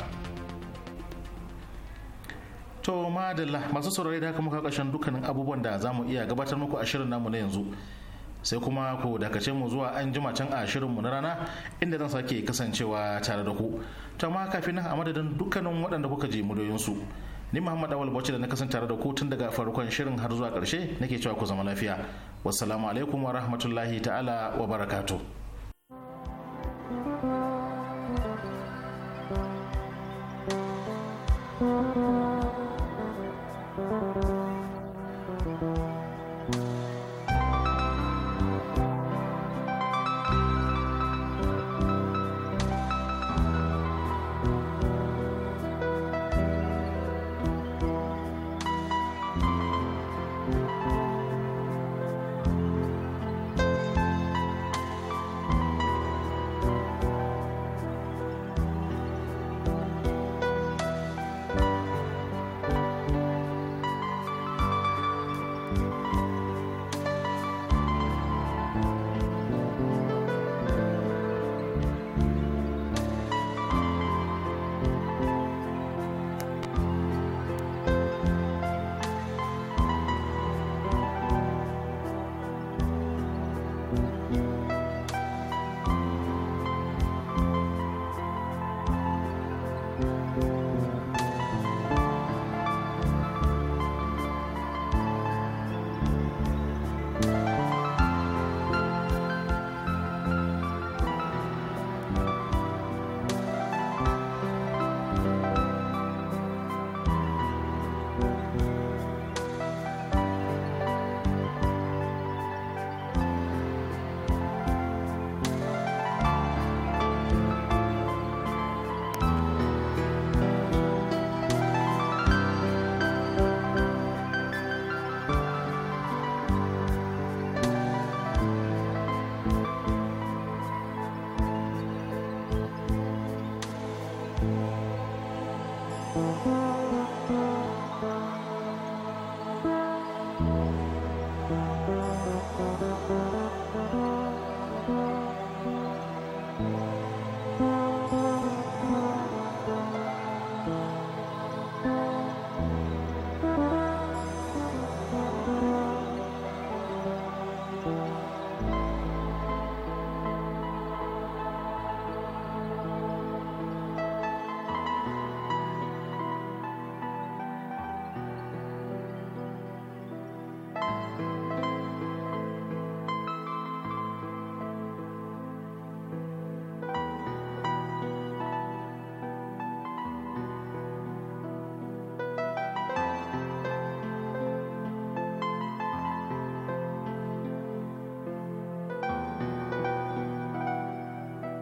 to madalla masu saurari da haka muka kashin dukkanin abubuwan da za mu iya gabatar muku a shirin namu na yanzu sai kuma ku dakace mu zuwa an jima can a shirinmu na rana inda zan sake kasancewa tare da ku ta ma kafin nan a madadin dukkanin waɗanda kuka ji muryoyinsu ni muhammad awal bauchi da na kasance tare da ku tun daga farkon shirin har zuwa ƙarshe nake cewa ku zama lafiya wassalamu alaikum wa rahmatullahi ta'ala wa barakatuh